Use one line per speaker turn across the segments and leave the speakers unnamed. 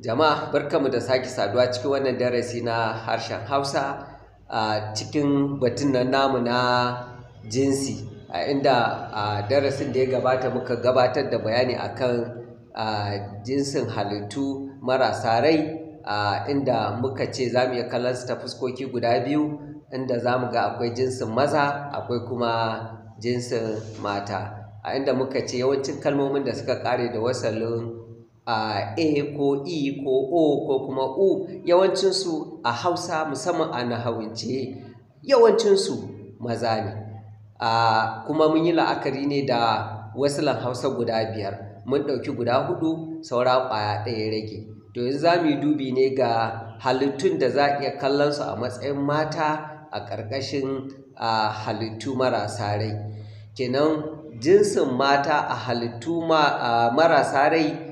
Jama'a barkamu da sake saduwa cikin wannan darasi na harshen Hausa a cikin batun nan namu na jinsi a inda a darasin da ya gabata muka gabatar da bayani akan kan jinsin halittu marasa rai a inda muka ce za mu iya kallon su ta fuskoki guda biyu inda za mu ga akwai jinsin maza akwai kuma jinsin mata a inda muka ce yawancin kalmomin da suka kare da wasalin a e ko E, ko o ko kuma u yawancinsu a hausa musamman a nahawance yawancinsu maza ne a kuma mun yi la'akari ne da wasulan hausa guda biyar mun ɗauki guda hudu saura ƙwaya ɗaya rage to yanzu za mu yi dubi ne ga halittun da za a iya kallon su a matsayin mata a ƙarƙashin halittu marasa rai kenan jinsin mata a halittu marasa rai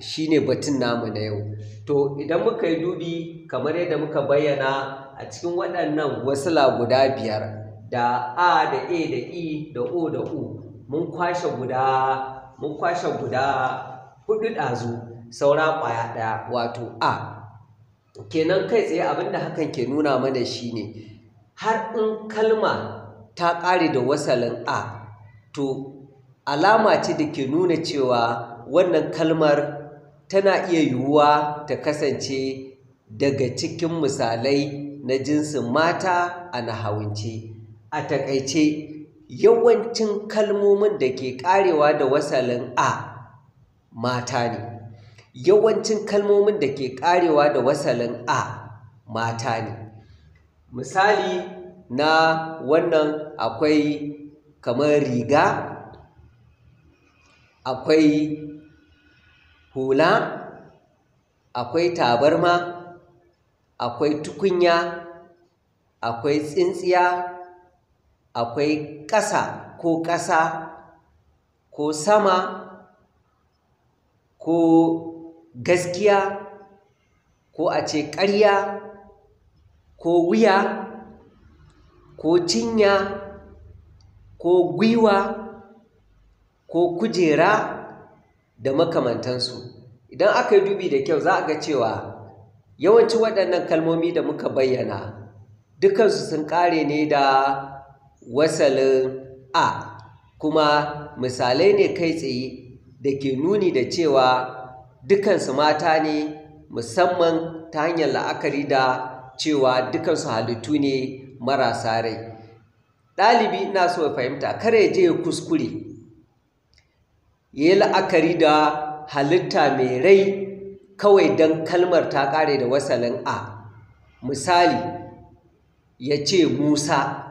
shi ne batun namu na yau to idan muka yi dubi kamar yadda muka bayyana a cikin waɗannan wasila guda biyar da a da e da i da o da u mun kwashe guda mun kwashe guda hudu ɗazu saura ƙwaya ɗaya wato a kenan kai tsaye abinda hakan ke nuna mana shine har in kalma ta ƙare da wasalin a to alama ce da ke nuna cewa wannan kalmar tana iya yiwuwa ta kasance daga cikin misalai na jinsin mata a nahawance a takaice yawancin kalmomin da ke karewa da wasalin a mata ne yawancin kalmomin da ke karewa da wasalin a mata ne misali na wannan akwai kamar riga akwai hula, akwai tabarma, akwai tukunya, akwai tsintsiya, akwai ƙasa ko ƙasa ko sama ko gaskiya ko a ce ƙarya ko wuya ko cinya ko gwiwa ko kujera da makamantansu idan aka yi dubi da kyau za a ga cewa yawanci waɗannan kalmomi da muka bayyana dukansu sun ƙare ne da wasalin a kuma misalai ne kai tsaye da ke nuni da cewa dukansu mata ne musamman ta hanyar la'akari da cewa dukansu halittu ne marasa rai ɗalibi ina so ya fahimta kare je ya kuskure ya yi la'akari da halitta mai rai kawai don kalmar ta ƙare da wasalin a misali ya ce musa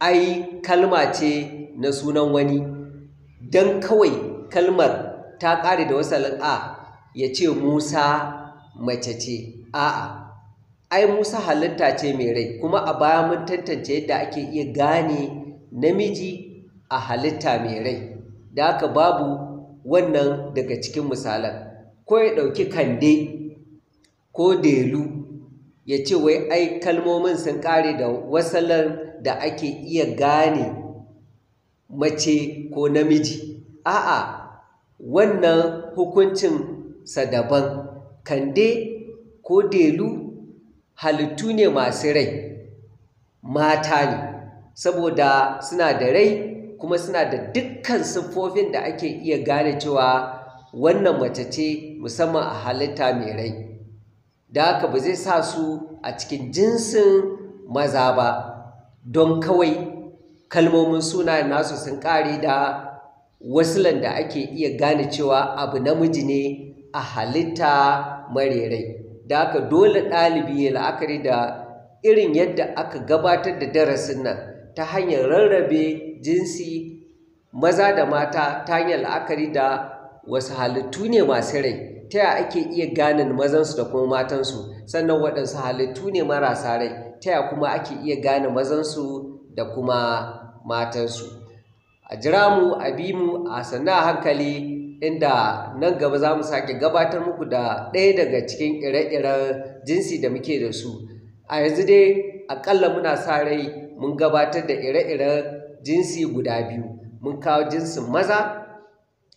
ai kalma ce na sunan wani don kawai kalmar ta ƙare da wasalin a ya ce musa mace ce a'a ai musa halitta ce mai rai kuma a baya mun tantance yadda ake iya gane namiji a halitta mai rai da haka babu wannan daga cikin misalan ko ya ɗauki kande ko delu ya ce wai ai kalmomin sun ƙare da wasalar da ake iya gane mace ko namiji a'a wannan hukuncin sa daban kande ko delu halittu ne masu rai mata ne saboda suna da rai kuma suna da dukkan siffofin da ake iya gane cewa wannan mace ce musamman a halitta mai rai da haka ba zai sa su a cikin jinsin maza ba don kawai kalmomin suna nasu sun ƙare da wasilan da ake iya gane cewa abu namiji ne a halitta rai, da haka dole ɗalibi ya la'akari da irin yadda aka gabatar da darasin nan ta hanyar rarrabe jinsi maza da mata ta hanyar la'akari da wasu halittu ne masu rai ta yaya ake iya gane mazansu da kuma matansu sannan waɗansu halittu ne marasa rai ta yaya kuma ake iya gane mazansu da kuma matansu a jira mu a bi mu a sannan a hankali inda nan gaba za mu sake gabatar muku da ɗaya daga cikin ire-iren jinsi da muke da su a yanzu dai akalla muna sa rai mun gabatar da ire-iren jinsi guda biyu mun kawo jinsin maza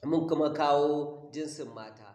mun kuma kawo jinsin mata